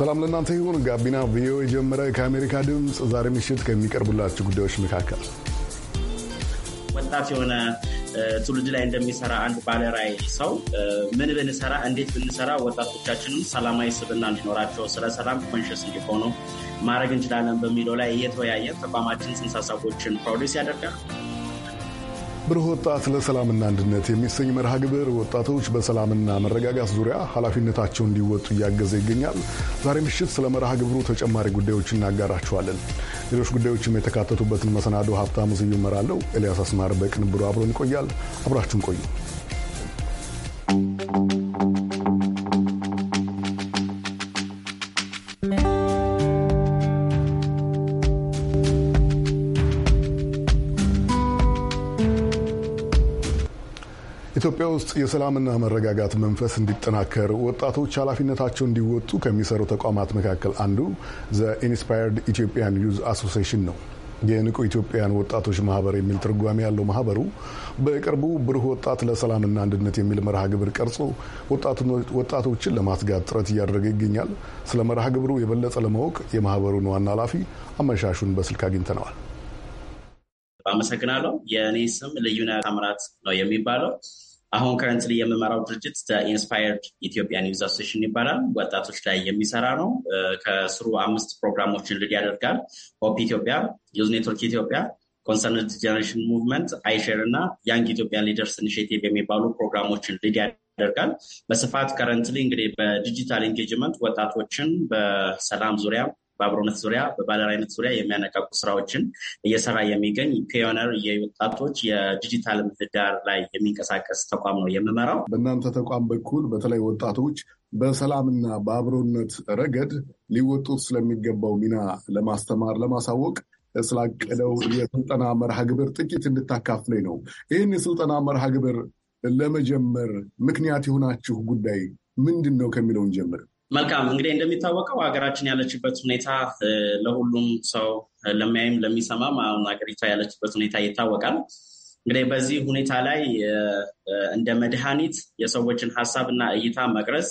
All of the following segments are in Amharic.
ሰላም ለእናንተ ይሁን። ጋቢና ቪኦኤ ጀመረ። ከአሜሪካ ድምፅ ዛሬ ምሽት ከሚቀርቡላችሁ ጉዳዮች መካከል ወጣት የሆነ ትውልድ ላይ እንደሚሰራ አንድ ባለራይ ሰው ምን ብንሰራ፣ እንዴት ብንሰራ ወጣቶቻችንም ሰላማዊ ስብና እንዲኖራቸው ስለ ሰላም ኮንሽስ እንዲሆኑ ማድረግ እንችላለን በሚለው ላይ እየተወያየ ተቋማችን ጽንሰ ሀሳቦችን ፕሮዲስ ያደርጋል። ብሩህ ወጣት ለሰላምና አንድነት የሚሰኝ መርሃ ግብር ወጣቶች በሰላምና መረጋጋት ዙሪያ ኃላፊነታቸው እንዲወጡ እያገዘ ይገኛል። ዛሬ ምሽት ስለ መርሃ ግብሩ ተጨማሪ ጉዳዮች እናጋራችኋለን። ሌሎች ጉዳዮችም የተካተቱበትን መሰናዶ ሀብታሙ ስዩም እመራለሁ። ኤልያስ አስማር በቅንብሩ አብሮን ይቆያል። አብራችሁን ቆዩ። ኢትዮጵያ ውስጥ የሰላምና መረጋጋት መንፈስ እንዲጠናከር ወጣቶች ኃላፊነታቸው እንዲወጡ ከሚሰሩ ተቋማት መካከል አንዱ ዘ ኢንስፓየርድ ኢትዮጵያን ዩዝ አሶሲሽን ነው። የንቁ ኢትዮጵያን ወጣቶች ማህበር የሚል ትርጓሜ ያለው ማህበሩ በቅርቡ ብሩህ ወጣት ለሰላምና አንድነት የሚል መርሃ ግብር ቀርጾ ወጣቶችን ለማስጋት ጥረት እያደረገ ይገኛል። ስለ መርሃ ግብሩ የበለጠ ለማወቅ የማህበሩን ዋና ኃላፊ አመሻሹን በስልክ አግኝተነዋል። አመሰግናለሁ። የእኔ ስም ልዩነት አምራት ነው የሚባለው አሁን ከረንትሊ የምመራው ድርጅት ኢንስፓየርድ ኢትዮጵያን ዩዝ አሶሴሽን ይባላል። ወጣቶች ላይ የሚሰራ ነው። ከስሩ አምስት ፕሮግራሞችን ልድ ያደርጋል። ሆፕ ኢትዮጵያ፣ ዩዝ ኔትወርክ ኢትዮጵያ፣ ኮንሰርንድ ጀኔሬሽን ሙቭመንት፣ አይሼር እና ያንግ ኢትዮጵያን ሊደርስ ኢኒሽቲቭ የሚባሉ ፕሮግራሞችን ልድ ያደርጋል። በስፋት ከረንትሊ እንግዲህ በዲጂታል ኢንጌጅመንት ወጣቶችን በሰላም ዙሪያ በአብሮነት ዙሪያ በባለራዕይነት ዙሪያ የሚያነቃቁ ስራዎችን እየሰራ የሚገኝ ፒዮነር የወጣቶች የዲጂታል ምህዳር ላይ የሚንቀሳቀስ ተቋም ነው የምመራው። በእናንተ ተቋም በኩል በተለይ ወጣቶች በሰላምና በአብሮነት ረገድ ሊወጡት ስለሚገባው ሚና ለማስተማር ለማሳወቅ ስላቀደው የስልጠና መርሃ ግብር ጥቂት እንድታካፍለኝ ነው። ይህን የስልጠና መርሃ ግብር ለመጀመር ምክንያት የሆናችሁ ጉዳይ ምንድን ነው ከሚለውን ጀምር። መልካም እንግዲህ እንደሚታወቀው ሀገራችን ያለችበት ሁኔታ ለሁሉም ሰው ለሚያይም ለሚሰማም አሁን ሀገሪቷ ያለችበት ሁኔታ ይታወቃል። እንግዲህ በዚህ ሁኔታ ላይ እንደ መድኃኒት የሰዎችን ሀሳብና እይታ መቅረጽ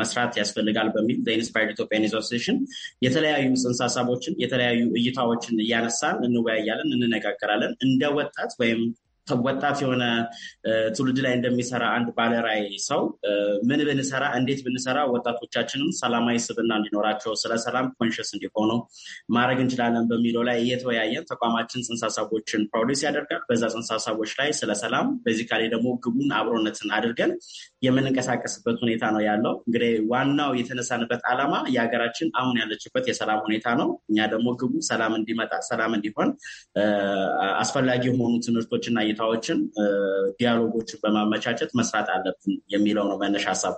መስራት ያስፈልጋል በሚል ኢንስፓየርድ ኢትዮጵያን አሶሲዬሽን የተለያዩ ጽንሰ ሀሳቦችን የተለያዩ እይታዎችን እያነሳን እንወያያለን፣ እንነጋገራለን። እንደ ወጣት ወይም ወጣት የሆነ ትውልድ ላይ እንደሚሰራ አንድ ባለራይ ሰው ምን ብንሰራ እንዴት ብንሰራ ወጣቶቻችንም ሰላማዊ ስብና እንዲኖራቸው ስለ ሰላም ኮንሽስ እንዲሆኑ ማድረግ እንችላለን በሚለው ላይ እየተወያየን ተቋማችን ጽንሰ ሀሳቦችን ፕሮዲስ ያደርጋል። በዛ ጽንሰ ሀሳቦች ላይ ስለ ሰላም በዚህ ካሌ ደግሞ ግቡን አብሮነትን አድርገን የምንንቀሳቀስበት ሁኔታ ነው ያለው። እንግዲህ ዋናው የተነሳንበት ዓላማ የሀገራችን አሁን ያለችበት የሰላም ሁኔታ ነው። እኛ ደግሞ ግቡ ሰላም እንዲመጣ ሰላም እንዲሆን አስፈላጊ የሆኑ ትምህርቶችና ቆይታዎችን፣ ዲያሎጎችን በማመቻቸት መስራት አለብን የሚለው ነው መነሻ ሀሳቡ።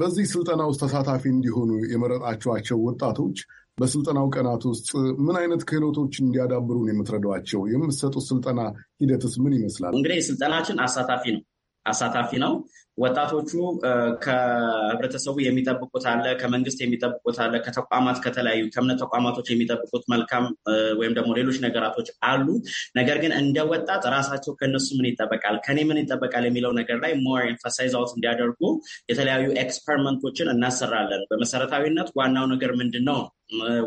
በዚህ ስልጠና ውስጥ ተሳታፊ እንዲሆኑ የመረጣችኋቸው ወጣቶች በስልጠናው ቀናት ውስጥ ምን አይነት ክህሎቶች እንዲያዳብሩን የምትረዷቸው? የምትሰጡት ስልጠና ሂደትስ ምን ይመስላል? እንግዲህ ስልጠናችን አሳታፊ ነው አሳታፊ ነው። ወጣቶቹ ከህብረተሰቡ የሚጠብቁት አለ፣ ከመንግስት የሚጠብቁት አለ፣ ከተቋማት ከተለያዩ ከእምነት ተቋማቶች የሚጠብቁት መልካም ወይም ደግሞ ሌሎች ነገራቶች አሉ። ነገር ግን እንደ ወጣት ራሳቸው ከነሱ ምን ይጠበቃል፣ ከኔ ምን ይጠበቃል የሚለው ነገር ላይ ሞር ኤንፈሳይዝ አውት እንዲያደርጉ የተለያዩ ኤክስፐሪመንቶችን እናሰራለን። በመሰረታዊነት ዋናው ነገር ምንድን ነው?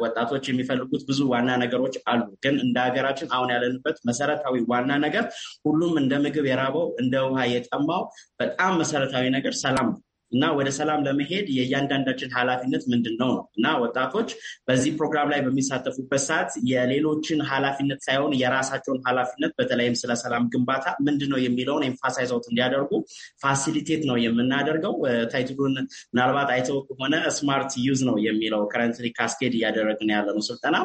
ወጣቶች የሚፈልጉት ብዙ ዋና ነገሮች አሉ። ግን እንደ ሀገራችን አሁን ያለንበት መሰረታዊ ዋና ነገር ሁሉም እንደ ምግብ የራበው እንደ ውሃ የጠማው በጣም መሰረ መሰረታዊ ነገር ሰላም ነው። እና ወደ ሰላም ለመሄድ የእያንዳንዳችን ኃላፊነት ምንድን ነው ነው እና ወጣቶች በዚህ ፕሮግራም ላይ በሚሳተፉበት ሰዓት የሌሎችን ኃላፊነት ሳይሆን የራሳቸውን ኃላፊነት በተለይም ስለ ሰላም ግንባታ ምንድን ነው የሚለውን ኤምፋሳይዘውት እንዲያደርጉ ፋሲሊቴት ነው የምናደርገው። ታይትሉን ምናልባት አይተው ከሆነ ስማርት ዩዝ ነው የሚለው ከረንትሊ ካስኬድ እያደረግን ያለነው ስልጠና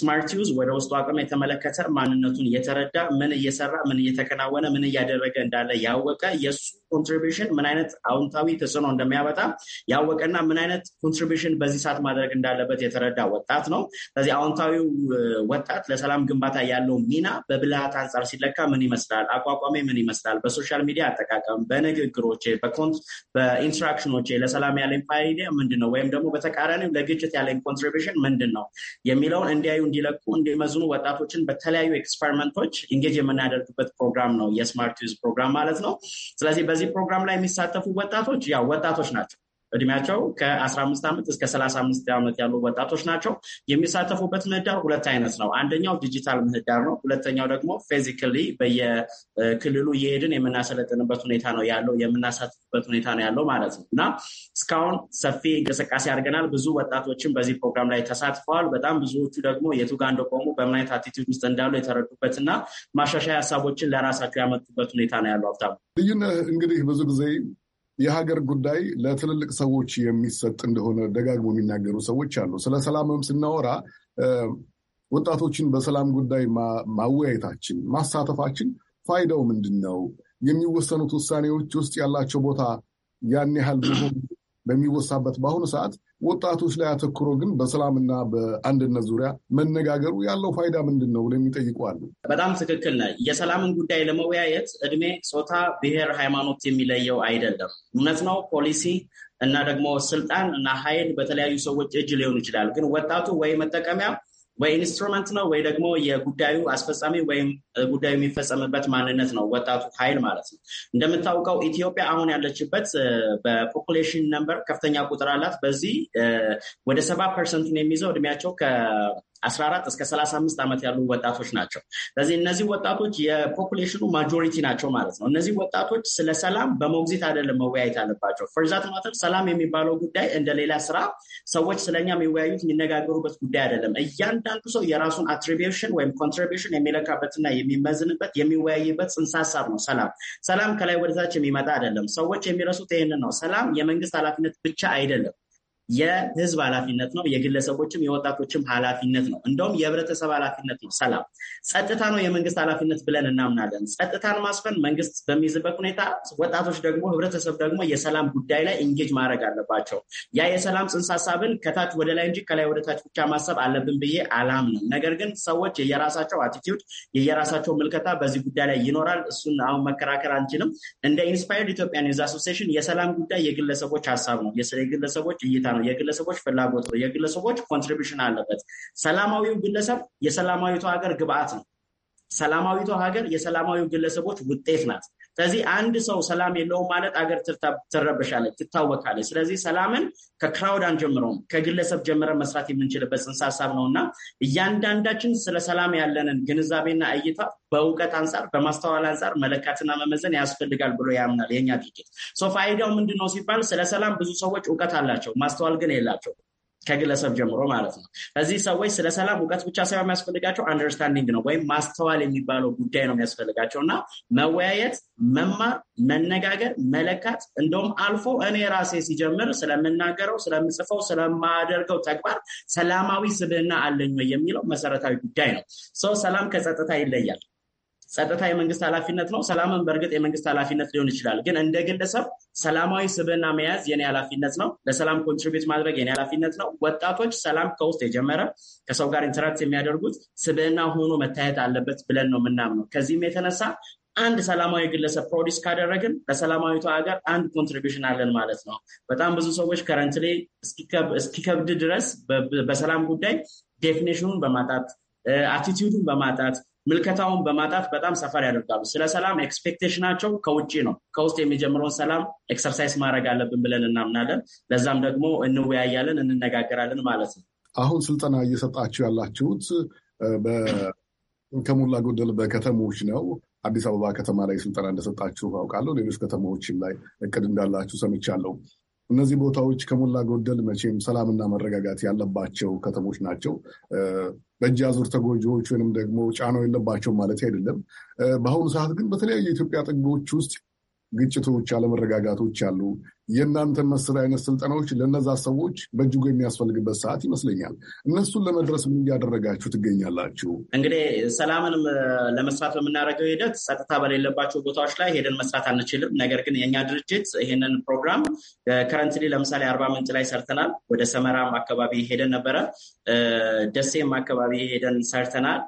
ስማርት ዩዝ ወደ ውስጡ አቅም የተመለከተ ማንነቱን የተረዳ ምን እየሰራ ምን እየተከናወነ ምን እያደረገ እንዳለ ያወቀ የእሱ ኮንትሪቢሽን ምን አይነት አውንታዊ ተጽዕኖ ተጽዕኖ እንደሚያመጣ ያወቀና ምን አይነት ኮንትሪቢሽን በዚህ ሰዓት ማድረግ እንዳለበት የተረዳ ወጣት ነው። ስለዚህ አዎንታዊው ወጣት ለሰላም ግንባታ ያለው ሚና በብልሃት አንጻር ሲለካ ምን ይመስላል? አቋቋሜ ምን ይመስላል? በሶሻል ሚዲያ አጠቃቀም፣ በንግግሮቼ፣ በኢንስትራክሽኖቼ ለሰላም ያለኝ ፋይዳ ምንድን ነው? ወይም ደግሞ በተቃራኒው ለግጭት ያለኝ ኮንትሪቢሽን ምንድን ነው የሚለውን እንዲያዩ፣ እንዲለቁ፣ እንዲመዝኑ ወጣቶችን በተለያዩ ኤክስፐሪመንቶች ኢንጌጅ የምናደርግበት ፕሮግራም ነው የስማርት ዩዝ ፕሮግራም ማለት ነው። ስለዚህ በዚህ ፕሮግራም ላይ የሚሳተፉ ወጣቶች ያው ወጣቶች ናቸው። እድሜያቸው ከ15 ዓመት እስከ 35 ዓመት ያሉ ወጣቶች ናቸው። የሚሳተፉበት ምህዳር ሁለት አይነት ነው። አንደኛው ዲጂታል ምህዳር ነው። ሁለተኛው ደግሞ ፊዚካሊ በየክልሉ እየሄድን የምናሰለጥንበት ሁኔታ ነው ያለው፣ የምናሳትፍበት ሁኔታ ነው ያለው ማለት ነው እና እስካሁን ሰፊ እንቅስቃሴ አድርገናል። ብዙ ወጣቶችን በዚህ ፕሮግራም ላይ ተሳትፈዋል። በጣም ብዙዎቹ ደግሞ የቱጋ እንደቆሙ በምን አይነት አቲቲዩድ ውስጥ እንዳሉ የተረዱበት እና ማሻሻያ ሀሳቦችን ለራሳቸው ያመጡበት ሁኔታ ነው ያለው። ሀብታሙ ልዩነህ እንግዲህ ብዙ ጊዜ የሀገር ጉዳይ ለትልልቅ ሰዎች የሚሰጥ እንደሆነ ደጋግሞ የሚናገሩ ሰዎች አሉ። ስለ ሰላምም ስናወራ ወጣቶችን በሰላም ጉዳይ ማወያየታችን፣ ማሳተፋችን ፋይዳው ምንድን ነው? የሚወሰኑት ውሳኔዎች ውስጥ ያላቸው ቦታ ያን ያህል በሚወሳበት በአሁኑ ሰዓት ወጣቶች ላይ አተኩሮ ግን በሰላምና በአንድነት ዙሪያ መነጋገሩ ያለው ፋይዳ ምንድን ነው ብለው የሚጠይቁ አሉ። በጣም ትክክል ነ የሰላምን ጉዳይ ለመወያየት እድሜ፣ ጾታ፣ ብሔር፣ ሃይማኖት የሚለየው አይደለም። እውነት ነው ፖሊሲ እና ደግሞ ስልጣን እና ኃይል በተለያዩ ሰዎች እጅ ሊሆን ይችላል። ግን ወጣቱ ወይ መጠቀሚያ ወይ ኢንስትሩመንት ነው ወይ ደግሞ የጉዳዩ አስፈጻሚ ወይም ጉዳዩ የሚፈጸምበት ማንነት ነው ወጣቱ ኃይል ማለት ነው። እንደምታውቀው ኢትዮጵያ አሁን ያለችበት በፖፑሌሽን ነምበር ከፍተኛ ቁጥር አላት። በዚህ ወደ ሰባ ፐርሰንቱን የሚይዘው እድሜያቸው 14 እስከ 35 ዓመት ያሉ ወጣቶች ናቸው። ስለዚህ እነዚህ ወጣቶች የፖፑሌሽኑ ማጆሪቲ ናቸው ማለት ነው። እነዚህ ወጣቶች ስለ ሰላም በሞግዚት አይደለም መወያየት አለባቸው። ፈርዛት ማተር ሰላም የሚባለው ጉዳይ እንደሌላ ስራ ሰዎች ስለኛ የሚወያዩት የሚነጋገሩበት ጉዳይ አይደለም። እያንዳንዱ ሰው የራሱን አትሪቢሽን ወይም ኮንትሪቢሽን የሚለካበትና የሚመዝንበት የሚወያይበት ጽንሰ ሀሳብ ነው። ሰላም ሰላም ከላይ ወደታች የሚመጣ አይደለም። ሰዎች የሚረሱት ይህንን ነው። ሰላም የመንግስት ኃላፊነት ብቻ አይደለም። የህዝብ ኃላፊነት ነው። የግለሰቦችም የወጣቶችም ኃላፊነት ነው። እንደውም የህብረተሰብ ኃላፊነት ነው። ሰላም ጸጥታ ነው የመንግስት ኃላፊነት ብለን እናምናለን። ጸጥታን ማስፈን መንግስት በሚይዝበት ሁኔታ ወጣቶች ደግሞ ህብረተሰብ ደግሞ የሰላም ጉዳይ ላይ እንጌጅ ማድረግ አለባቸው። ያ የሰላም ጽንሰ ሀሳብን ከታች ወደ ላይ እንጂ ከላይ ወደ ታች ብቻ ማሰብ አለብን ብዬ አላምንም። ነገር ግን ሰዎች የየራሳቸው አቲቲዩድ የየራሳቸው ምልከታ በዚህ ጉዳይ ላይ ይኖራል። እሱን አሁን መከራከር አንችልም። እንደ ኢንስፓየርድ ኢትዮጵያ ዩዝ አሶሲሽን የሰላም ጉዳይ የግለሰቦች ሀሳብ ነው የግለሰቦች እይታ ነው፣ የግለሰቦች ፍላጎት ነው፣ የግለሰቦች ኮንትሪቢሽን አለበት። ሰላማዊው ግለሰብ የሰላማዊቷ ሀገር ግብአት ነው። ሰላማዊቷ ሀገር የሰላማዊው ግለሰቦች ውጤት ናት። ስለዚህ አንድ ሰው ሰላም የለውም ማለት አገር ትረበሻለች፣ ትታወቃለች ስለዚህ ሰላምን ከክራውድ አንጀምረውም ከግለሰብ ጀምረን መስራት የምንችልበት ጽንሰ ሀሳብ ነው እና እያንዳንዳችን ስለ ሰላም ያለንን ግንዛቤና እይታ በእውቀት አንጻር በማስተዋል አንጻር መለካትና መመዘን ያስፈልጋል ብሎ ያምናል የኛ ድርጅት። ሶ ፋይዳው ምንድን ነው ሲባል ስለ ሰላም ብዙ ሰዎች እውቀት አላቸው፣ ማስተዋል ግን የላቸው ከግለሰብ ጀምሮ ማለት ነው። እዚህ ሰዎች ስለ ሰላም እውቀት ብቻ ሳይሆን የሚያስፈልጋቸው አንደርስታንዲንግ ነው ወይም ማስተዋል የሚባለው ጉዳይ ነው የሚያስፈልጋቸው እና መወያየት፣ መማር፣ መነጋገር፣ መለካት እንደውም አልፎ እኔ ራሴ ሲጀምር ስለምናገረው፣ ስለምጽፈው፣ ስለማደርገው ተግባር ሰላማዊ ስብዕና አለኝ የሚለው መሰረታዊ ጉዳይ ነው። ሰው ሰላም ከጸጥታ ይለያል። ጸጥታ የመንግስት ኃላፊነት ነው። ሰላምን በእርግጥ የመንግስት ኃላፊነት ሊሆን ይችላል። ግን እንደ ግለሰብ ሰላማዊ ስብዕና መያዝ የኔ ኃላፊነት ነው። ለሰላም ኮንትሪቢዩት ማድረግ የኔ ኃላፊነት ነው። ወጣቶች ሰላም ከውስጥ የጀመረ ከሰው ጋር ኢንተራክት የሚያደርጉት ስብዕና ሆኖ መታየት አለበት ብለን ነው የምናምነው። ከዚህም የተነሳ አንድ ሰላማዊ ግለሰብ ፕሮዲስ ካደረግን ለሰላማዊቷ ሀገር አንድ ኮንትሪቢሽን አለን ማለት ነው። በጣም ብዙ ሰዎች ከረንት ላይ እስኪከብድ ድረስ በሰላም ጉዳይ ዴፊኔሽኑን በማጣት አቲቲዩዱን በማጣት ምልከታውን በማጣት በጣም ሰፈር ያደርጋሉ። ስለ ሰላም ኤክስፔክቴሽናቸው ከውጭ ነው። ከውስጥ የሚጀምረውን ሰላም ኤክሰርሳይዝ ማድረግ አለብን ብለን እናምናለን። ለዛም ደግሞ እንወያያለን፣ እንነጋገራለን ማለት ነው። አሁን ስልጠና እየሰጣችሁ ያላችሁት ከሞላ ጎደል በከተሞች ነው። አዲስ አበባ ከተማ ላይ ስልጠና እንደሰጣችሁ አውቃለሁ። ሌሎች ከተማዎችም ላይ እቅድ እንዳላችሁ ሰምቻለሁ። እነዚህ ቦታዎች ከሞላ ጎደል መቼም ሰላምና መረጋጋት ያለባቸው ከተሞች ናቸው። በእጅ አዙር ተጎጂዎች ወይንም ደግሞ ጫናው የለባቸው ማለት አይደለም። በአሁኑ ሰዓት ግን በተለያዩ የኢትዮጵያ ጥጎች ውስጥ ግጭቶች፣ አለመረጋጋቶች አሉ። የእናንተ መሰል አይነት ስልጠናዎች ለነዛ ሰዎች በእጅጉ የሚያስፈልግበት ሰዓት ይመስለኛል። እነሱን ለመድረስ ምን እያደረጋችሁ ትገኛላችሁ? እንግዲህ ሰላምን ለመስራት በምናደርገው ሂደት ጸጥታ በሌለባቸው ቦታዎች ላይ ሄደን መስራት አንችልም። ነገር ግን የእኛ ድርጅት ይህንን ፕሮግራም ከረንትሊ ለምሳሌ አርባ ምንጭ ላይ ሰርተናል። ወደ ሰመራም አካባቢ ሄደን ነበረ። ደሴም አካባቢ ሄደን ሰርተናል።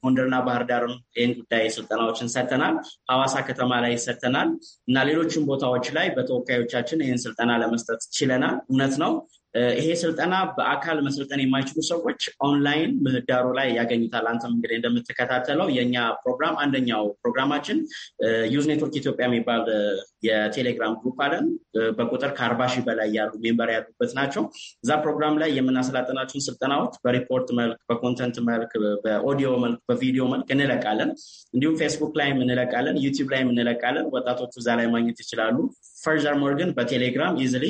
ጎንደርና ባህር ዳርም ይህን ጉዳይ ስልጠናዎችን ሰርተናል። ሐዋሳ ከተማ ላይ ሰርተናል እና ሌሎችም ቦታዎች ላይ በተወ ተወካዮቻችን ይህን ስልጠና ለመስጠት ችለናል። እውነት ነው ይሄ ስልጠና በአካል መሰልጠን የማይችሉ ሰዎች ኦንላይን ምህዳሩ ላይ ያገኙታል። አንተም እንግዲህ እንደምትከታተለው የኛ ፕሮግራም አንደኛው ፕሮግራማችን ዩዝ ኔትወርክ ኢትዮጵያ የሚባል የቴሌግራም ግሩፕ አለን። በቁጥር ከአርባ ሺህ በላይ ያሉ ሜምበር ያሉበት ናቸው። እዛ ፕሮግራም ላይ የምናሰላጠናቸውን ስልጠናዎች በሪፖርት መልክ፣ በኮንተንት መልክ፣ በኦዲዮ መልክ፣ በቪዲዮ መልክ እንለቃለን። እንዲሁም ፌስቡክ ላይም እንለቃለን፣ ዩቲዩብ ላይም እንለቃለን። ወጣቶቹ እዛ ላይ ማግኘት ይችላሉ። ፈርዘርሞር ግን በቴሌግራም ኢዝሊ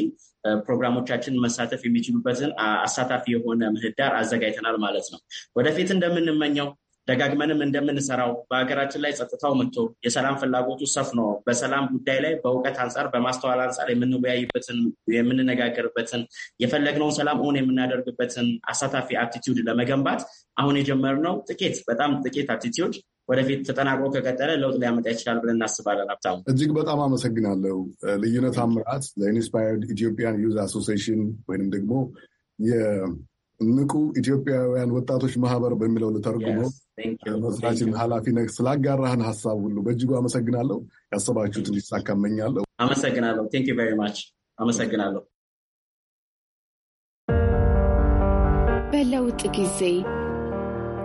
ፕሮግራሞቻችን መሳተፍ የሚችሉበትን አሳታፊ የሆነ ምህዳር አዘጋጅተናል ማለት ነው። ወደፊት እንደምንመኘው ደጋግመንም እንደምንሰራው በሀገራችን ላይ ጸጥታው መጥቶ የሰላም ፍላጎቱ ሰፍኖ በሰላም ጉዳይ ላይ በእውቀት አንጻር በማስተዋል አንጻር የምንወያይበትን የምንነጋገርበትን የፈለግነውን ሰላም እውን የምናደርግበትን አሳታፊ አቲቲዩድ ለመገንባት አሁን የጀመርነው ጥቂት በጣም ጥቂት አቲቲዩድ ወደፊት ተጠናቅሮ ከቀጠለ ለውጥ ሊያመጣ ይችላል ብለን እናስባለን። ሀብታሙ እጅግ በጣም አመሰግናለሁ። ልዩነት አምራት ለኢንስፓየርድ ኢትዮጵያን ዩዝ አሶሲሽን ወይንም ደግሞ የንቁ ኢትዮጵያውያን ወጣቶች ማህበር በሚለው ልተርጉሞ መስራችን ኃላፊ ነህ። ስላጋራህን ሀሳብ ሁሉ በእጅጉ አመሰግናለሁ። ያሰባችሁት እንዲሳካ እመኛለሁ። አመሰግናለሁ። ቴንክ ዩ ማች አመሰግናለሁ። በለውጥ ጊዜ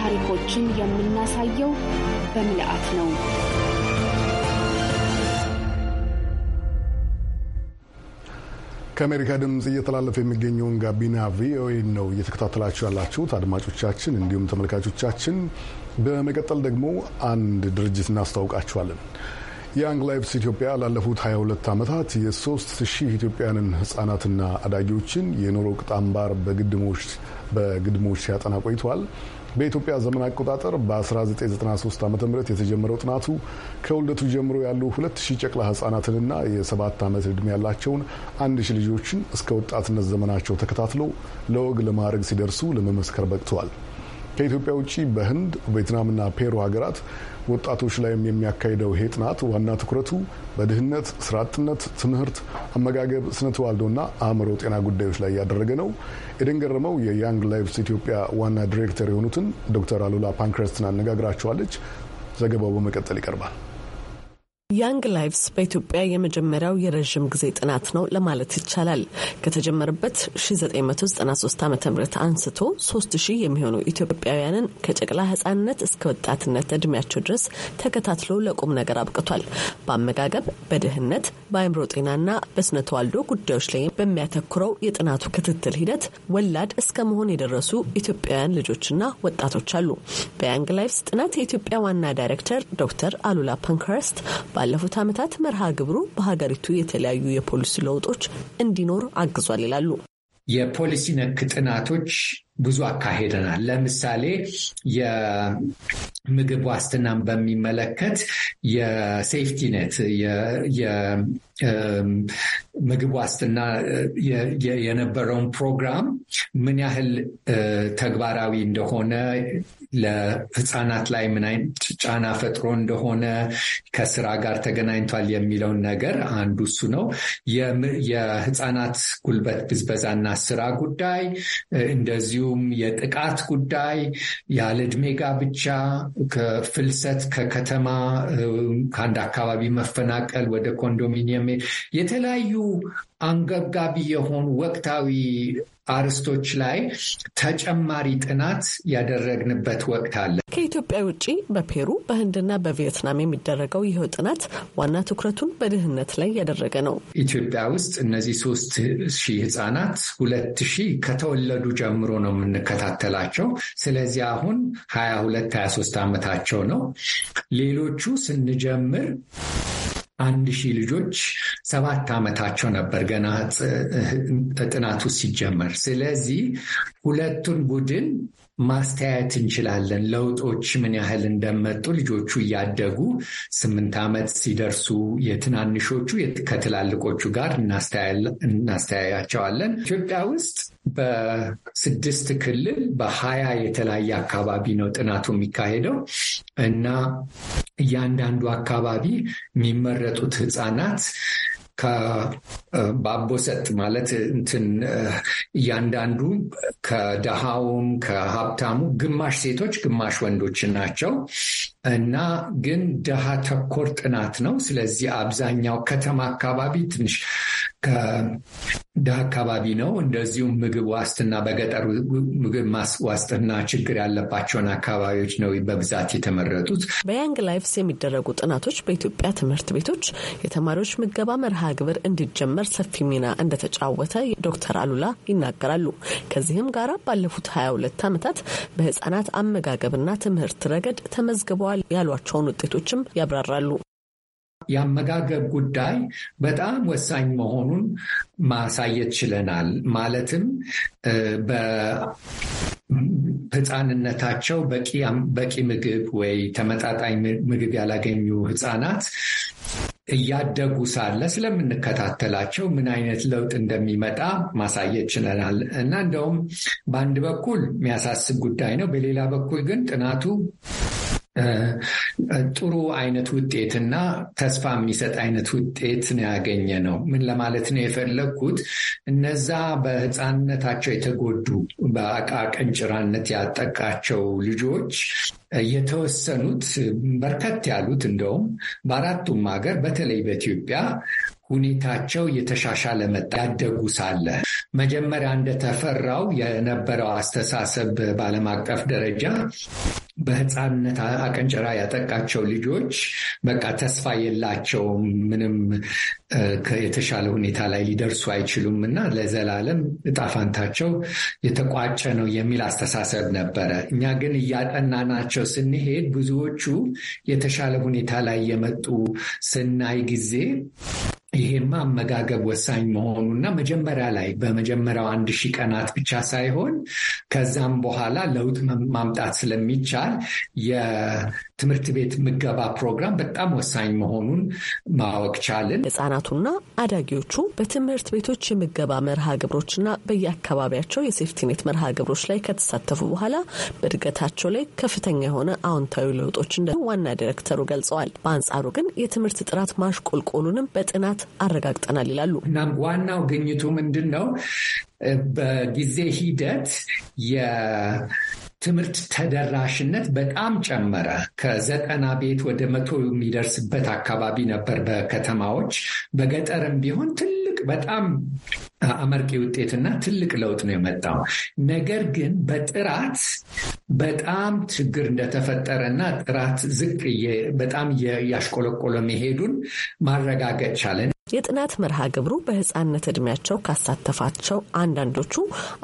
ታሪኮችን የምናሳየው በምልአት ነው። ከአሜሪካ ድምፅ እየተላለፈ የሚገኘውን ጋቢና ቪኦኤ ነው እየተከታተላችሁ ያላችሁት አድማጮቻችን፣ እንዲሁም ተመልካቾቻችን። በመቀጠል ደግሞ አንድ ድርጅት እናስታውቃችኋለን። ያንግ ላይፍስ ኢትዮጵያ ላለፉት 22 ዓመታት የ3000 ኢትዮጵያንን ህጻናትና አዳጊዎችን የኑሮ ቅጥ አምባር በግድሞች ሲያጠና ቆይተዋል። በኢትዮጵያ ዘመን አቆጣጠር በ1993 ዓ ም የተጀመረው ጥናቱ ከውልደቱ ጀምሮ ያሉ 2000 ጨቅላ ህጻናትንና የሰባት ዓመት ዕድሜ ያላቸውን አንድ ሺ ልጆችን እስከ ወጣትነት ዘመናቸው ተከታትሎ ለወግ ለማዕረግ ሲደርሱ ለመመስከር በቅተዋል። ከኢትዮጵያ ውጭ በህንድ ቬትናምና ፔሩ ሀገራት ወጣቶች ላይም የሚያካሂደው ይሄ ጥናት ዋና ትኩረቱ በድህነት፣ ስራ ትምህርት፣ አመጋገብ፣ ስነ ተዋልዶና አእምሮ ጤና ጉዳዮች ላይ ያደረገ ነው። ኤደን ገረመው የያንግ ላይቭስ ኢትዮጵያ ዋና ዲሬክተር የሆኑትን ዶክተር አሉላ ፓንክረስትን አነጋግራቸዋለች። ዘገባው በመቀጠል ይቀርባል። ያንግ ላይቭስ በኢትዮጵያ የመጀመሪያው የረዥም ጊዜ ጥናት ነው ለማለት ይቻላል። ከተጀመረበት 1993 ዓ ም አንስቶ 3000 የሚሆኑ ኢትዮጵያውያንን ከጨቅላ ህጻንነት እስከ ወጣትነት እድሜያቸው ድረስ ተከታትሎ ለቁም ነገር አብቅቷል። በአመጋገብ፣ በድህነት፣ በአእምሮ ጤናና በስነ ተዋልዶ ጉዳዮች ላይ በሚያተኩረው የጥናቱ ክትትል ሂደት ወላድ እስከ መሆን የደረሱ ኢትዮጵያውያን ልጆችና ወጣቶች አሉ። በያንግ ላይቭስ ጥናት የኢትዮጵያ ዋና ዳይሬክተር ዶክተር አሉላ ፐንክረስት ባለፉት ዓመታት መርሃ ግብሩ በሀገሪቱ የተለያዩ የፖሊሲ ለውጦች እንዲኖር አግዟል ይላሉ። የፖሊሲ ነክ ጥናቶች ብዙ አካሄደናል። ለምሳሌ የምግብ ዋስትናን በሚመለከት የሴፍቲ ኔት የምግብ ዋስትና የነበረውን ፕሮግራም ምን ያህል ተግባራዊ እንደሆነ ለህፃናት ላይ ምን አይነት ጫና ፈጥሮ እንደሆነ ከስራ ጋር ተገናኝቷል የሚለውን ነገር አንዱ እሱ ነው። የህፃናት ጉልበት ብዝበዛና ስራ ጉዳይ፣ እንደዚሁም የጥቃት ጉዳይ፣ ያለ ዕድሜ ጋብቻ፣ ፍልሰት፣ ከከተማ ከአንድ አካባቢ መፈናቀል ወደ ኮንዶሚኒየም የተለያዩ አንገብጋቢ የሆኑ ወቅታዊ አርስቶች ላይ ተጨማሪ ጥናት ያደረግንበት ወቅት አለ። ከኢትዮጵያ ውጭ በፔሩ በህንድና በቪየትናም የሚደረገው ይህ ጥናት ዋና ትኩረቱን በድህነት ላይ ያደረገ ነው። ኢትዮጵያ ውስጥ እነዚህ ሶስት ሺህ ህጻናት ሁለት ሺህ ከተወለዱ ጀምሮ ነው የምንከታተላቸው። ስለዚህ አሁን ሀያ ሁለት ሀያ ሶስት ዓመታቸው ነው። ሌሎቹ ስንጀምር አንድ ሺህ ልጆች ሰባት ዓመታቸው ነበር ገና ጥናቱ ሲጀመር። ስለዚህ ሁለቱን ቡድን ማስተያየት እንችላለን። ለውጦች ምን ያህል እንደመጡ ልጆቹ እያደጉ ስምንት ዓመት ሲደርሱ የትናንሾቹ ከትላልቆቹ ጋር እናስተያያቸዋለን። ኢትዮጵያ ውስጥ በስድስት ክልል በሀያ የተለያየ አካባቢ ነው ጥናቱ የሚካሄደው እና እያንዳንዱ አካባቢ የሚመረጡት ህፃናት ከባቦሰጥ ማለት እንትን እያንዳንዱ ከደሃውም ከሀብታሙ ግማሽ ሴቶች ግማሽ ወንዶች ናቸው እና ግን ደሃ ተኮር ጥናት ነው። ስለዚህ አብዛኛው ከተማ አካባቢ ትንሽ ድሃ አካባቢ ነው። እንደዚሁም ምግብ ዋስትና በገጠር ምግብ ዋስትና ችግር ያለባቸውን አካባቢዎች ነው በብዛት የተመረጡት። በያንግ ላይፍስ የሚደረጉ ጥናቶች በኢትዮጵያ ትምህርት ቤቶች የተማሪዎች ምገባ መርሃ ግብር እንዲጀመር ሰፊ ሚና እንደተጫወተ ዶክተር አሉላ ይናገራሉ። ከዚህም ጋር ባለፉት 22 ዓመታት በህጻናት አመጋገብና ትምህርት ረገድ ተመዝግበዋል ያሏቸውን ውጤቶችም ያብራራሉ። የአመጋገብ ጉዳይ በጣም ወሳኝ መሆኑን ማሳየት ችለናል። ማለትም ህፃንነታቸው በቂ ምግብ ወይ ተመጣጣኝ ምግብ ያላገኙ ህፃናት እያደጉ ሳለ ስለምንከታተላቸው ምን አይነት ለውጥ እንደሚመጣ ማሳየት ችለናል እና እንደውም በአንድ በኩል የሚያሳስብ ጉዳይ ነው። በሌላ በኩል ግን ጥናቱ ጥሩ አይነት ውጤት እና ተስፋ የሚሰጥ አይነት ውጤት ነው ያገኘ ነው። ምን ለማለት ነው የፈለግኩት? እነዛ በህፃንነታቸው የተጎዱ በአቃቀንጭራነት ያጠቃቸው ልጆች የተወሰኑት በርከት ያሉት እንደውም በአራቱም ሀገር በተለይ በኢትዮጵያ ሁኔታቸው እየተሻሻለ መጣ። ያደጉ ሳለ መጀመሪያ እንደተፈራው የነበረው አስተሳሰብ በዓለም አቀፍ ደረጃ በህፃንነት አቀንጨራ ያጠቃቸው ልጆች በቃ ተስፋ የላቸውም፣ ምንም የተሻለ ሁኔታ ላይ ሊደርሱ አይችሉም እና ለዘላለም እጣፋንታቸው የተቋጨ ነው የሚል አስተሳሰብ ነበረ። እኛ ግን እያጠናናቸው ስንሄድ ብዙዎቹ የተሻለ ሁኔታ ላይ የመጡ ስናይ ጊዜ ይሄማ አመጋገብ ወሳኝ መሆኑና መጀመሪያ ላይ በመጀመሪያው አንድ ሺህ ቀናት ብቻ ሳይሆን ከዛም በኋላ ለውጥ ማምጣት ስለሚቻል የትምህርት ቤት ምገባ ፕሮግራም በጣም ወሳኝ መሆኑን ማወቅ ቻልን። ህጻናቱና አዳጊዎቹ በትምህርት ቤቶች የምገባ መርሃ ግብሮችና በየአካባቢያቸው የሴፍቲኔት መርሃ ግብሮች ላይ ከተሳተፉ በኋላ በእድገታቸው ላይ ከፍተኛ የሆነ አዎንታዊ ለውጦች እንደ ዋና ዲሬክተሩ ገልጸዋል። በአንጻሩ ግን የትምህርት ጥራት ማሽቆልቆሉንም በጥናት እንደሚሰሩበት አረጋግጠናል ይላሉ። እናም ዋናው ግኝቱ ምንድን ነው? በጊዜ ሂደት የትምህርት ተደራሽነት በጣም ጨመረ። ከዘጠና ቤት ወደ መቶ የሚደርስበት አካባቢ ነበር በከተማዎች በገጠርም ቢሆን ትልቅ በጣም አመርቂ ውጤትና ትልቅ ለውጥ ነው የመጣው። ነገር ግን በጥራት በጣም ችግር እንደተፈጠረና ጥራት ዝቅ በጣም እያሽቆለቆለ መሄዱን ማረጋገጥ ቻለን። የጥናት መርሃ ግብሩ በህፃነት እድሜያቸው ካሳተፋቸው አንዳንዶቹ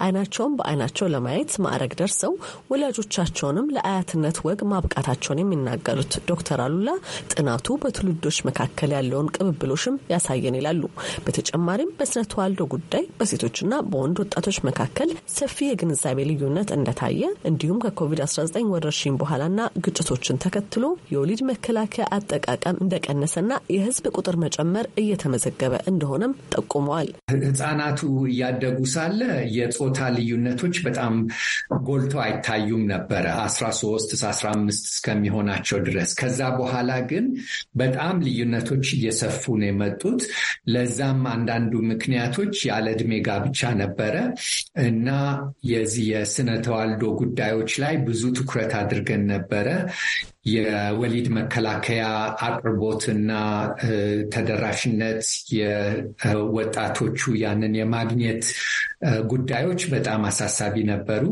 አይናቸውን በአይናቸው ለማየት ማዕረግ ደርሰው ወላጆቻቸውንም ለአያትነት ወግ ማብቃታቸውን የሚናገሩት ዶክተር አሉላ ጥናቱ በትውልዶች መካከል ያለውን ቅብብሎሽም ያሳየን ይላሉ። በተጨማሪም በስነ ተዋልዶ ጉዳይ በሴቶችና በወንድ ወጣቶች መካከል ሰፊ የግንዛቤ ልዩነት እንደታየ እንዲሁም ከኮቪድ-19 ወረርሽኝ በኋላና ግጭቶችን ተከትሎ የወሊድ መከላከያ አጠቃቀም እንደቀነሰና የህዝብ ቁጥር መጨመር እየተመዘገበ እንደሆነም ጠቁመዋል። ህጻናቱ እያደጉ ሳለ የጾታ ልዩነቶች በጣም ጎልቶ አይታዩም ነበረ 13 15 እስከሚሆናቸው ድረስ። ከዛ በኋላ ግን በጣም ልዩነቶች እየሰፉ ነው የመጡት። ለዛም አንዳንዱ ምክንያቶች ያለ እድሜ ጋብቻ ነበረ እና የዚህ የስነ ተዋልዶ ጉዳዮች ላይ ብዙ ትኩረት አድርገን ነበረ። የወሊድ መከላከያ አቅርቦትና ተደራሽነት፣ የወጣቶቹ ያንን የማግኘት ጉዳዮች በጣም አሳሳቢ ነበሩ።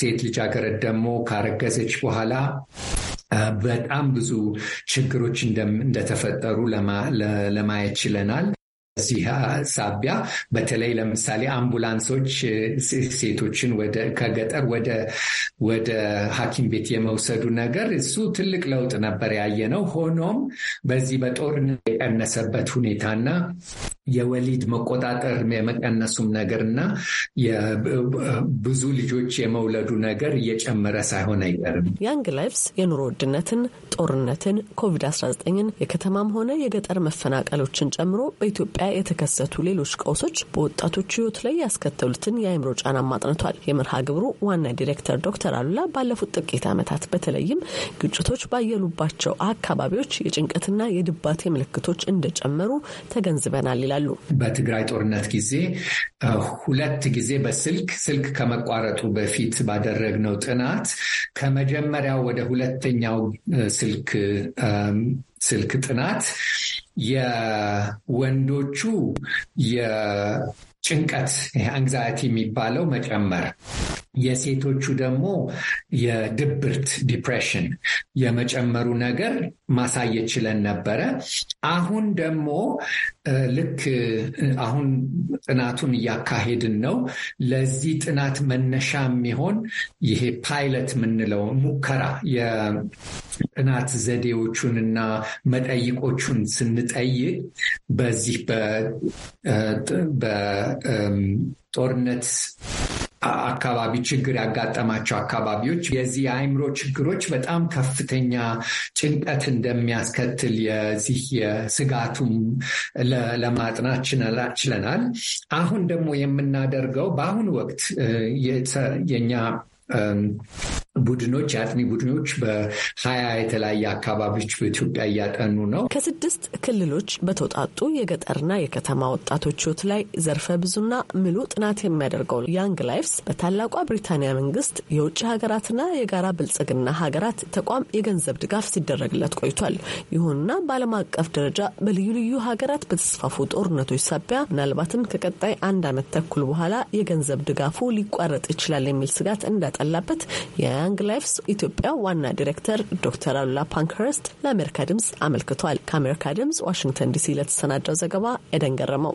ሴት ልጃገረድ ደግሞ ካረገዘች በኋላ በጣም ብዙ ችግሮች እንደተፈጠሩ ለማየት ችለናል። በዚህ ሳቢያ በተለይ ለምሳሌ አምቡላንሶች ሴቶችን ከገጠር ወደ ሐኪም ቤት የመውሰዱ ነገር እሱ ትልቅ ለውጥ ነበር ያየ ነው። ሆኖም በዚህ በጦርነት የቀነሰበት ሁኔታና የወሊድ መቆጣጠር የመቀነሱም ነገር እና ብዙ ልጆች የመውለዱ ነገር እየጨመረ ሳይሆን አይቀርም። ያንግ ላይፍስ የኑሮ ውድነትን፣ ጦርነትን፣ ኮቪድ-19ን፣ የከተማም ሆነ የገጠር መፈናቀሎችን ጨምሮ በኢትዮጵያ የተከሰቱ ሌሎች ቀውሶች በወጣቶች ሕይወት ላይ ያስከተሉትን የአእምሮ ጫና ማጥንቷል። የመርሃ ግብሩ ዋና ዲሬክተር ዶክተር አሉላ ባለፉት ጥቂት ዓመታት በተለይም ግጭቶች ባየሉባቸው አካባቢዎች የጭንቀትና የድባቴ ምልክቶች እንደጨመሩ ተገንዝበናል ይላል ይላሉ። በትግራይ ጦርነት ጊዜ ሁለት ጊዜ በስልክ ስልክ ከመቋረጡ በፊት ባደረግነው ጥናት ከመጀመሪያው ወደ ሁለተኛው ስልክ ስልክ ጥናት የወንዶቹ የጭንቀት አንግዛይቲ የሚባለው መጨመር የሴቶቹ ደግሞ የድብርት ዲፕሬሽን የመጨመሩ ነገር ማሳየት ችለን ነበረ። አሁን ደግሞ ልክ አሁን ጥናቱን እያካሄድን ነው። ለዚህ ጥናት መነሻ የሚሆን ይሄ ፓይለት የምንለው ሙከራ የጥናት ዘዴዎቹን መጠይቆቹን ስንጠይቅ በዚህ በጦርነት አካባቢ ችግር ያጋጠማቸው አካባቢዎች የዚህ የአእምሮ ችግሮች በጣም ከፍተኛ ጭንቀት እንደሚያስከትል የዚህ የስጋቱም ለማጥናት ችለናል። አሁን ደግሞ የምናደርገው በአሁኑ ወቅት የኛ ቡድኖች የአጥኒ ቡድኖች በሀያ የተለያየ አካባቢዎች በኢትዮጵያ እያጠኑ ነው። ከስድስት ክልሎች በተውጣጡ የገጠርና የከተማ ወጣቶች ህይወት ላይ ዘርፈ ብዙና ምሉ ጥናት የሚያደርገው ያንግ ላይፍስ በታላቋ ብሪታንያ መንግስት የውጭ ሀገራትና የጋራ ብልጽግና ሀገራት ተቋም የገንዘብ ድጋፍ ሲደረግለት ቆይቷል። ይሁንና በዓለም አቀፍ ደረጃ በልዩ ልዩ ሀገራት በተስፋፉ ጦርነቶች ሳቢያ ምናልባትም ከቀጣይ አንድ ዓመት ተኩል በኋላ የገንዘብ ድጋፉ ሊቋረጥ ይችላል የሚል ስጋት እንዳጠላበት ያንግ ላይፍስ ኢትዮጵያ ዋና ዲሬክተር ዶክተር አሉላ ፓንክረስት ለአሜሪካ ድምጽ አመልክቷል። ከአሜሪካ ድምጽ ዋሽንግተን ዲሲ ለተሰናዳው ዘገባ ኤደን ገረመው።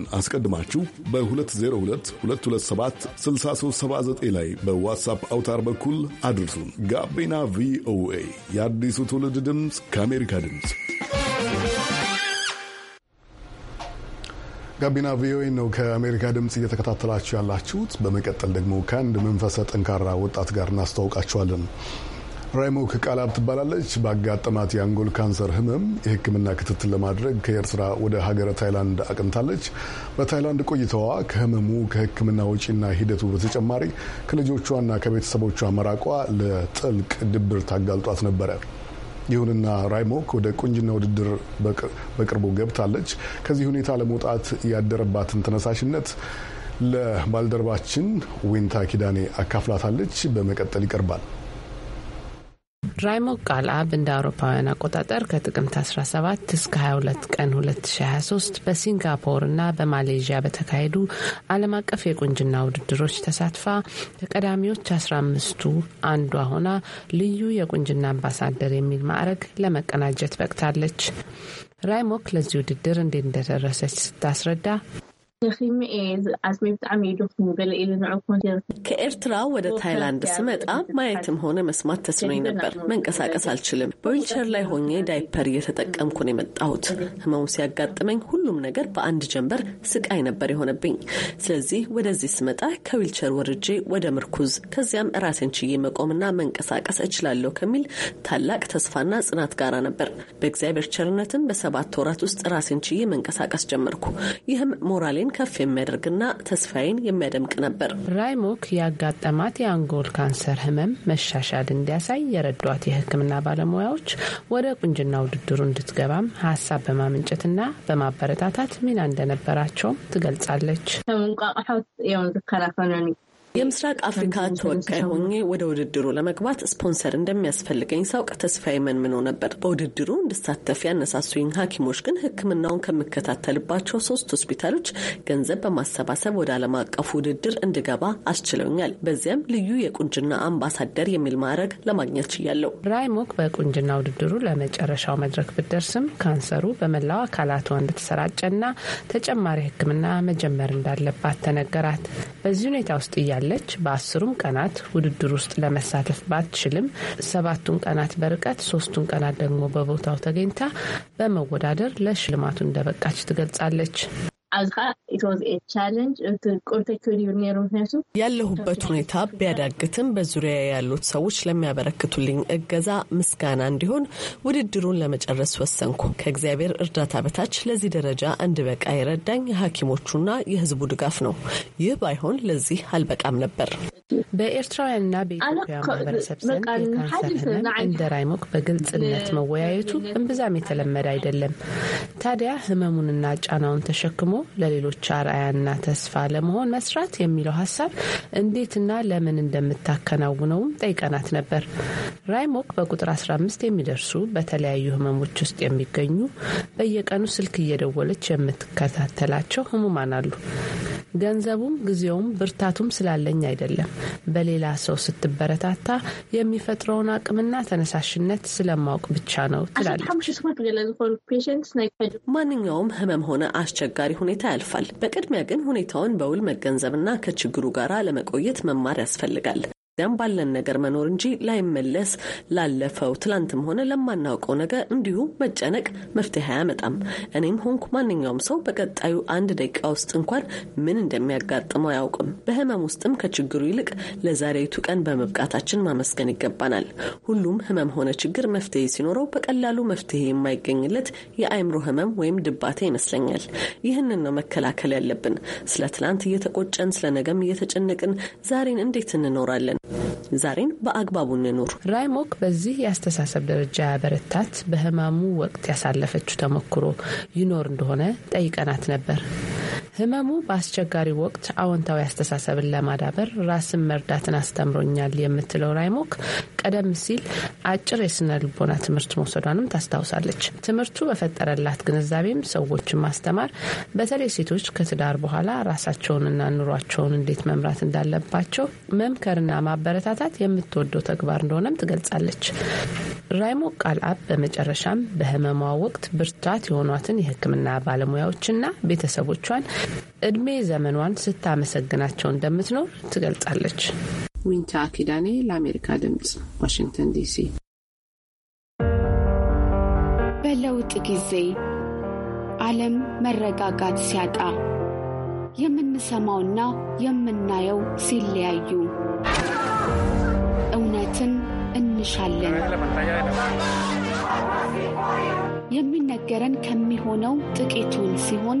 ቁጥርን አስቀድማችሁ በ2022276379 ላይ በዋትሳፕ አውታር በኩል አድርሱን። ጋቢና ቪኦኤ የአዲሱ ትውልድ ድምፅ ከአሜሪካ ድምፅ ጋቢና ቪኦኤ ነው ከአሜሪካ ድምፅ እየተከታተላችሁ ያላችሁት። በመቀጠል ደግሞ ከአንድ መንፈሰ ጠንካራ ወጣት ጋር እናስተዋውቃችኋለን። ራይሞክ ቃላብ ትባላለች። ባጋጠማት የአንጎል ካንሰር ህመም የህክምና ክትትል ለማድረግ ከኤርትራ ወደ ሀገረ ታይላንድ አቅንታለች። በታይላንድ ቆይታዋ ከህመሙ ከህክምና ወጪና ሂደቱ በተጨማሪ ከልጆቿና ከቤተሰቦቿ መራቋ ለጥልቅ ድብርት አጋልጧት ነበረ። ይሁንና ራይሞክ ወደ ቁንጅና ውድድር በቅርቡ ገብታለች። ከዚህ ሁኔታ ለመውጣት ያደረባትን ተነሳሽነት ለባልደረባችን ዊንታ ኪዳኔ አካፍላታለች። በመቀጠል ይቀርባል። ራይሞ ቃልአብ እንደ አውሮፓውያን አቆጣጠር ከጥቅምት 17 እስከ 22 ቀን 2023 በሲንጋፖር እና በማሌዥያ በተካሄዱ ዓለም አቀፍ የቁንጅና ውድድሮች ተሳትፋ ከቀዳሚዎች 15ቱ አንዷ ሆና ልዩ የቁንጅና አምባሳደር የሚል ማዕረግ ለመቀናጀት በቅታለች። ራይሞክ ለዚህ ውድድር እንዴት እንደደረሰች ስታስረዳ ከኤርትራ ወደ ታይላንድ ስመጣ ማየትም ሆነ መስማት ተስኖኝ ነበር። መንቀሳቀስ አልችልም። በዊልቸር ላይ ሆኜ ዳይፐር እየተጠቀምኩ ነው የመጣሁት። ህመሙ ሲያጋጥመኝ ሁሉም ነገር በአንድ ጀንበር ስቃይ ነበር የሆነብኝ። ስለዚህ ወደዚህ ስመጣ ከዊልቸር ወርጄ ወደ ምርኩዝ፣ ከዚያም ራሴን ችዬ መቆምና መንቀሳቀስ እችላለሁ ከሚል ታላቅ ተስፋና ጽናት ጋራ ነበር። በእግዚአብሔር ቸርነትም በሰባት ወራት ውስጥ ራሴን ችዬ መንቀሳቀስ ጀመርኩ። ይህም ሞራሌን ራዕይን ከፍ የሚያደርግና ተስፋዬን የሚያደምቅ ነበር። ራይሞክ ያጋጠማት የአንጎል ካንሰር ህመም መሻሻል እንዲያሳይ የረዷት የህክምና ባለሙያዎች ወደ ቁንጅና ውድድሩ እንድትገባም ሀሳብ በማመንጨትና በማበረታታት ሚና እንደነበራቸውም ትገልጻለች። የምስራቅ አፍሪካ ተወካይ ሆኜ ወደ ውድድሩ ለመግባት ስፖንሰር እንደሚያስፈልገኝ ሳውቅ ተስፋዬ መንምኖ ነበር። በውድድሩ እንድሳተፍ ያነሳሱኝ ሐኪሞች ግን ሕክምናውን ከምከታተልባቸው ሶስት ሆስፒታሎች ገንዘብ በማሰባሰብ ወደ ዓለም አቀፉ ውድድር እንድገባ አስችለውኛል። በዚያም ልዩ የቁንጅና አምባሳደር የሚል ማዕረግ ለማግኘት ችያለው። ራይሞክ በቁንጅና ውድድሩ ለመጨረሻው መድረክ ብደርስም ካንሰሩ በመላው አካላቷ እንደተሰራጨና ተጨማሪ ሕክምና መጀመር እንዳለባት ተነገራት። በዚህ ሁኔታ ውስጥ እያለ አለች። በአስሩም ቀናት ውድድር ውስጥ ለመሳተፍ ባትችልም ሰባቱን ቀናት በርቀት ሶስቱን ቀናት ደግሞ በቦታው ተገኝታ በመወዳደር ለሽልማቱ እንደበቃች ትገልጻለች። ያለሁበት ሁኔታ ቢያዳግትም በዙሪያ ያሉት ሰዎች ለሚያበረክቱልኝ እገዛ ምስጋና እንዲሆን ውድድሩን ለመጨረስ ወሰንኩ። ከእግዚአብሔር እርዳታ በታች ለዚህ ደረጃ እንድበቃ የረዳኝ የሐኪሞቹና የሕዝቡ ድጋፍ ነው። ይህ ባይሆን ለዚህ አልበቃም ነበር። በኤርትራውያንና በኢትዮጵያ ማህበረሰብ ዘንድ የካንሰር ህመም እንደ ራይሞቅ በግልጽነት መወያየቱ እምብዛም የተለመደ አይደለም። ታዲያ ህመሙንና ጫናውን ተሸክሞ ለሌሎች አርአያና ተስፋ ለመሆን መስራት የሚለው ሀሳብ እንዴትና ለምን እንደምታከናውነውም ጠይቀናት ነበር። ራይሞክ በቁጥር 15 የሚደርሱ በተለያዩ ህመሞች ውስጥ የሚገኙ በየቀኑ ስልክ እየደወለች የምትከታተላቸው ህሙማን አሉ። ገንዘቡም ጊዜውም ብርታቱም ስላለኝ አይደለም። በሌላ ሰው ስትበረታታ የሚፈጥረውን አቅምና ተነሳሽነት ስለማወቅ ብቻ ነው ትላለች። ማንኛውም ህመም ሆነ አስቸጋሪ ሁኔታ ያልፋል። በቅድሚያ ግን ሁኔታውን በውል መገንዘብና ከችግሩ ጋር ለመቆየት መማር ያስፈልጋል። ያም ባለን ነገር መኖር እንጂ ላይመለስ ላለፈው ትላንትም ሆነ ለማናውቀው ነገር እንዲሁ መጨነቅ መፍትሄ አያመጣም። እኔም ሆንኩ ማንኛውም ሰው በቀጣዩ አንድ ደቂቃ ውስጥ እንኳን ምን እንደሚያጋጥመው አያውቅም። በህመም ውስጥም ከችግሩ ይልቅ ለዛሬቱ ቀን በመብቃታችን ማመስገን ይገባናል። ሁሉም ህመም ሆነ ችግር መፍትሄ ሲኖረው በቀላሉ መፍትሄ የማይገኝለት የአእምሮ ህመም ወይም ድባቴ ይመስለኛል። ይህንን ነው መከላከል ያለብን። ስለ ትላንት እየተቆጨን ስለ ነገም እየተጨነቅን ዛሬን እንዴት እንኖራለን? ዛሬን በአግባቡ እንኑር። ራይሞክ በዚህ የአስተሳሰብ ደረጃ ያበረታት በህማሙ ወቅት ያሳለፈችው ተሞክሮ ይኖር እንደሆነ ጠይቀናት ነበር። ህመሙ በአስቸጋሪ ወቅት አዎንታዊ አስተሳሰብን ለማዳበር ራስን መርዳትን አስተምሮኛል የምትለው ራይሞክ ቀደም ሲል አጭር የስነ ልቦና ትምህርት መውሰዷንም ታስታውሳለች። ትምህርቱ በፈጠረላት ግንዛቤም ሰዎችን ማስተማር በተለይ ሴቶች ከትዳር በኋላ ራሳቸውንና ኑሯቸውን እንዴት መምራት እንዳለባቸው መምከርና ማበረታታት የምትወደው ተግባር እንደሆነም ትገልጻለች። ራይሞ ቃል አብ በመጨረሻም በህመሟ ወቅት ብርታት የሆኗትን የህክምና ባለሙያዎችና ቤተሰቦቿን እድሜ ዘመኗን ስታመሰግናቸው እንደምትኖር ትገልጻለች። ዊንታ ኪዳኔ ለአሜሪካ ድምፅ ዋሽንግተን ዲሲ። በለውጥ ጊዜ ዓለም መረጋጋት ሲያጣ የምንሰማውና የምናየው ሲለያዩ እውነትን እንሻለን። የሚነገረን ከሚሆነው ጥቂቱን ሲሆን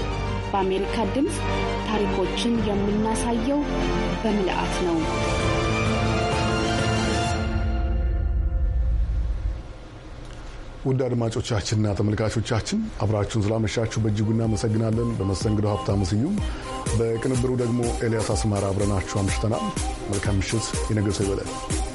በአሜሪካ ድምፅ ታሪኮችን የምናሳየው በምልአት ነው። ውድ አድማጮቻችንና ተመልካቾቻችን አብራችሁን ስላመሻችሁ በእጅጉ እናመሰግናለን። በመስተንግዶ ሀብታሙ ስዩም፣ በቅንብሩ ደግሞ ኤልያስ አስማራ አብረናችሁ አምሽተናል። መልካም ምሽት። የነገ ሰው ይበለን።